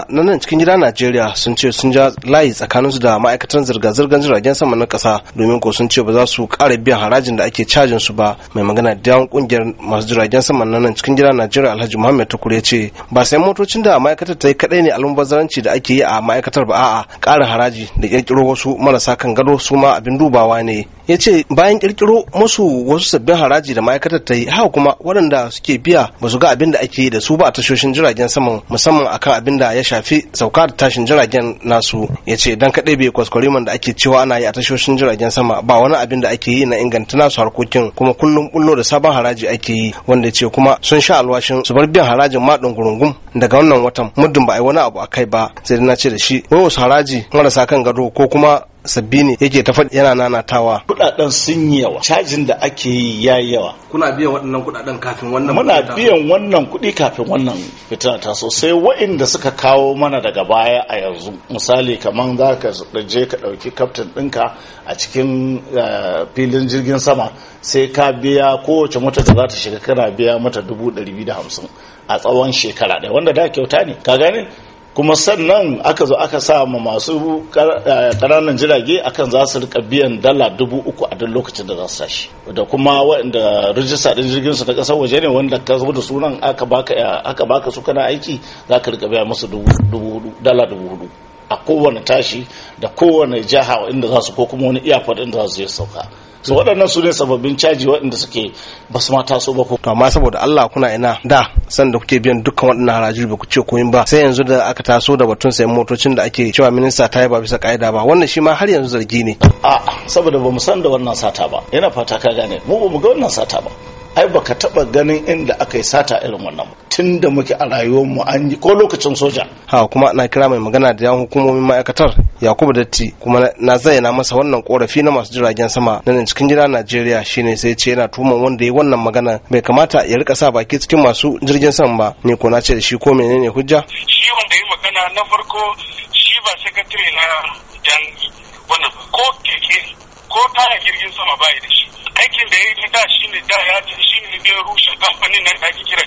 sama na nan cikin gida najeriya sun ce sun ja layi tsakaninsu da ma'aikatan zirga-zirgar jiragen sama na kasa domin ko sun ce ba za su ƙara biyan harajin da ake cajin su ba mai magana da yawan ƙungiyar masu jiragen sama na nan cikin gida najeriya alhaji muhammad tukur ya ce ba sai motocin da ma'aikatar ta yi kaɗai ne almubazzaranci da ake yi a ma'aikatar ba a'a ƙarin haraji da ƙirƙiro wasu marasa kan gado su ma abin dubawa ne ya ce bayan kirkiro musu wasu sabbin haraji da ma'aikatar ta yi haka kuma waɗanda suke biya ba su ga abin da ake yi da su ba a tashoshin jiragen saman musamman akan abin da ya shafi sauka da tashin jiragen nasu ya ce dan kaɗai bai kwaskwari da ake cewa ana yi a tashoshin jiragen sama ba wani abin da ake yi na inganta nasu harkokin kuma kullum bullo da sabon haraji ake yi wanda ce kuma sun sha alwashin su bar biyan harajin maɗin gurungum daga wannan watan muddin ba a yi wani abu a kai ba sai na ce da shi wai wasu haraji marasa kan gado ko kuma sabbi ne yake ta faɗi yana nanatawa kuɗaɗen sun yi yawa cajin da ake yi ya yawa kuna biyan waɗannan kuɗaɗen kafin wannan muna biyan wannan kuɗi kafin wannan fitina ta sosai wa'inda suka kawo mana daga baya a yanzu misali kamar za ka je ka ɗauki kaftin ɗinka a cikin eh, filin jirgin sama sai ka biya kowace mota da za ta shiga kana biya mata dubu ɗari biyu da hamsin a tsawon shekara ɗaya wanda da kyauta ne ka gani kuma sannan aka zo aka sa ma masu eh, ƙananan jirage akan za su rika biyan dala dubu uku a duk lokacin da za su tashi da kuma waɗanda rijista ɗin jirgin su na ƙasar waje ne wanda ka zo da sunan aka baka eh, aka baka su kana aiki za ka rika biya musu dala dubu hudu a kowane tashi da kowane jiha inda za su ko kuma wani iyakar inda za su je sauka to waɗannan su ne sababbin caji waɗanda suke ba su ma taso ba ko amma saboda Allah kuna ina da san da kuke biyan dukkan waɗannan haraji ba ku ce koyin ba sai yanzu da aka taso da batun sayan motocin da ake cewa minista ta yi ba bisa ka'ida ba wannan shi ma har yanzu zargi ne a saboda ba mu san da wannan sata ba yana fata ka gane mu ba mu ga wannan sata ba ai baka taba ganin inda aka yi sata irin wannan tun da muke a rayuwar mu an yi ko lokacin soja ha kuma ana kira mai magana da yan hukumomin ma'aikatar yakubu datti kuma na zayyana masa wannan korafi na masu jiragen sama na cikin gida najeriya shine sai ce yana tuman wanda ya wannan magana bai kamata ya rika sa baki cikin masu jirgin sama ba ni ko na ce da shi ko menene hujja shi wanda ya magana na farko shi ba sakatare na yan wannan ko keke ko tana jirgin sama ba da shi aikin da ya yi da shi ne da ya shi ne biyar rushe kamfanin nan da ake kira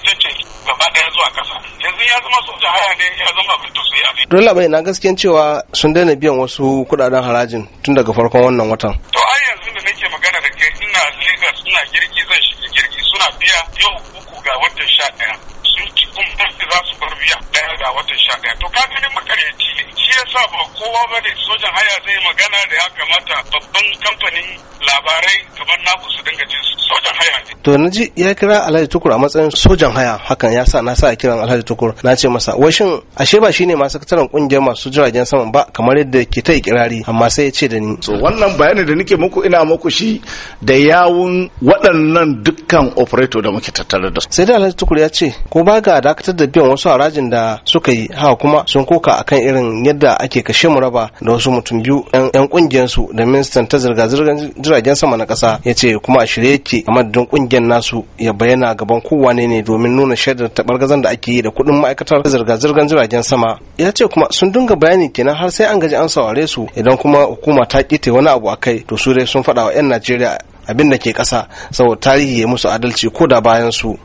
gaba daya zuwa kasa yanzu ya zama soja haya ne ya zama abin da su ya fi. dole bai na gaskiyan cewa sun daina biyan wasu kuɗaɗen harajin tun daga farkon wannan watan. to ai yanzu da nake magana da kai ina lagos ina girki zan shiga girki suna biya yau uku ga watan sha ɗaya. sun ci kuma za su bar biya daya ga watan sha ɗaya to ka gani makaryaci ne shi yasa ba kowa ba ne sojan haya zai magana da ya kamata babban kamfanin labarai kamar naku su dinga jin sojan haya ne. To naji ya kira Alhaji Tukur a matsayin sojan haya hakan ya sa na sa kiran Alhaji Tukur na ce masa washin ashe ba shine ma sakataren kungiyar masu jiragen sama ba kamar yadda ke ta ikirari amma sai ya ce da ni. So wannan bayanin da nake muku ina muku shi da yawun waɗannan dukkan operator da muke tattare da su. Sai da Alhaji Tukur ya ce ko ba ga dakatar da biyan wasu harajin da suka yi haka kuma sun koka akan irin yadda ake kashe mu raba da wasu mutum biyu 'yan kungiyarsu da ministan ta zirga-zirgar jiragen jiragen sama na ƙasa ya ce kuma a shirye yake a madadin ƙungiyar nasu ya bayyana gaban kowane ne domin nuna shaidar taɓargazan da ake yi da kuɗin ma'aikatar zirga-zirgar jiragen sama ya ce kuma sun dinga bayani kenan har sai an gaji an saurare su idan kuma hukuma ta ƙite wani abu akai to su dai sun faɗa wa 'yan najeriya abin da ke ƙasa saboda tarihi ya musu adalci ko da bayan su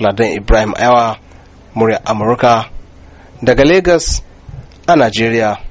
ladan ibrahim aiwa murya amurka daga lagos a najeriya